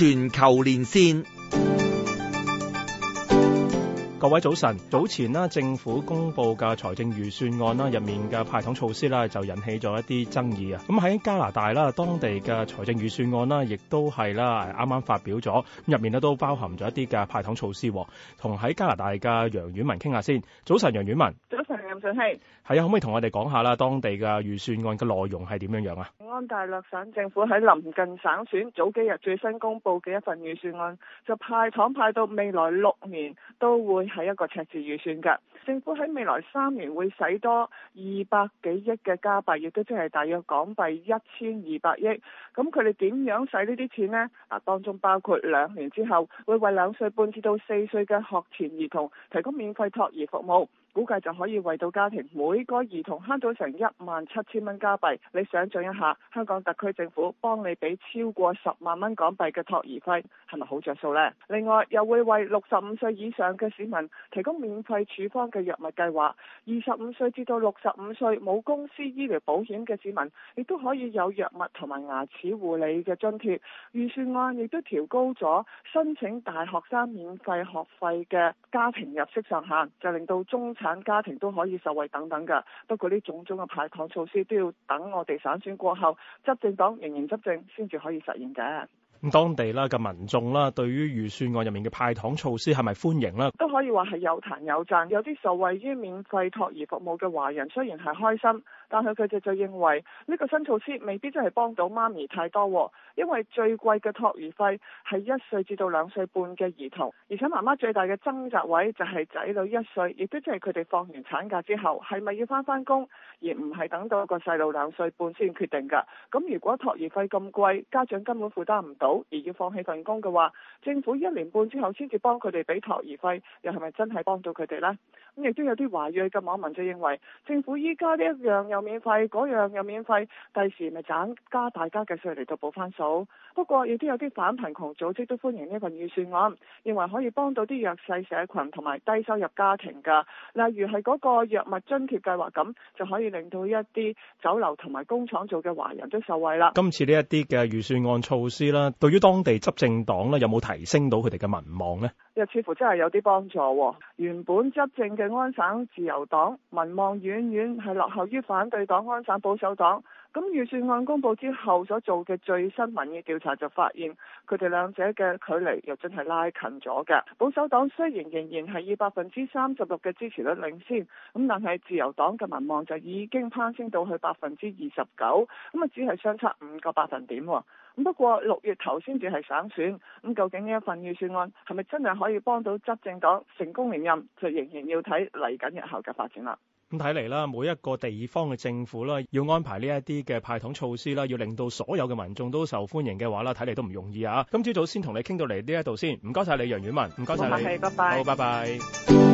全球連線，各位早晨。早前啦，政府公布嘅財政預算案啦，入面嘅派糖措施啦，就引起咗一啲爭議啊。咁喺加拿大啦，當地嘅財政預算案啦，亦都係啦，啱啱發表咗，入面咧都包含咗一啲嘅派糖措施。同喺加拿大嘅楊婉文傾下先。早晨，楊婉文。早晨。係啊，可唔可以同我哋講下啦，當地嘅預算案嘅內容係點樣樣啊？安大略省政府喺臨近省選，早幾日最新公布嘅一份預算案，就派糖派到未來六年都會係一個赤字預算噶。政府喺未來三年會使多二百幾億嘅加幣，亦都即係大約港幣一千二百億。咁佢哋點樣使呢啲錢呢？嗱，當中包括兩年之後會為兩歲半至到四歲嘅學前兒童提供免費托兒服務，估計就可以為到家庭每個兒童慳到成一萬七千蚊加幣。你想象一下，香港特區政府幫你俾超過十萬蚊港幣嘅托兒費，係咪好着數呢？另外又會為六十五歲以上嘅市民提供免費處方嘅藥物計劃，二十五歲至到六十五歲冇公司醫療保險嘅市民，亦都可以有藥物同埋牙齒護理嘅津貼。預算案亦都調高咗申請大學生免費學費嘅家庭入息上限，就令到中產家庭都可以受惠等等嘅。不過呢種種嘅派糖措施都要等我哋省選過後，執政黨仍然執政先至可以實現嘅。咁當地啦嘅民眾啦，對於預算案入面嘅派糖措施係咪歡迎咧？都可以話係有彈有讚，有啲受惠於免費托兒服務嘅華人雖然係開心，但係佢哋就認為呢個新措施未必真係幫到媽咪太多，因為最貴嘅托兒費係一歲至到兩歲半嘅兒童，而且媽媽最大嘅掙扎位就係仔女一歲，亦都即係佢哋放完產假之後係咪要返返工，而唔係等到一個細路兩歲半先決定㗎。咁如果托兒費咁貴，家長根本負擔唔到。而要放棄份工嘅話，政府一年半之後先至幫佢哋俾托兒費，又係咪真係幫到佢哋呢？咁亦都有啲華裔嘅網民就認為，政府依家呢一樣又免費，嗰樣又免費，第時咪盞加大家嘅稅嚟到補翻數。不過亦都有啲反貧窮組織都歡迎呢份預算案，認為可以幫到啲弱勢社群同埋低收入家庭噶，例如係嗰個藥物津貼計劃咁，就可以令到一啲酒樓同埋工廠做嘅華人都受惠啦。今次呢一啲嘅預算案措施啦。對於當地執政黨呢，有冇提升到佢哋嘅民望呢？又似乎真係有啲幫助。原本執政嘅安省自由黨民望遠遠係落後於反對黨安省保守黨。咁預算案公佈之後所做嘅最新民意調查就發現，佢哋兩者嘅距離又真係拉近咗嘅。保守黨雖然仍然係以百分之三十六嘅支持率領先，咁但係自由黨嘅民望就已經攀升到去百分之二十九，咁啊只係相差五個百分點喎。咁不過六月頭先至係省選，咁究竟呢一份預算案係咪真係可以幫到執政黨成功連任，就仍然要睇嚟緊日後嘅發展啦。咁睇嚟啦，每一個地方嘅政府啦，要安排呢一啲嘅派糖措施啦，要令到所有嘅民眾都受歡迎嘅話啦，睇嚟都唔容易啊！今朝早先同你傾到嚟呢一度先，唔該晒你，楊婉文，唔該晒你，拜拜，好，拜拜。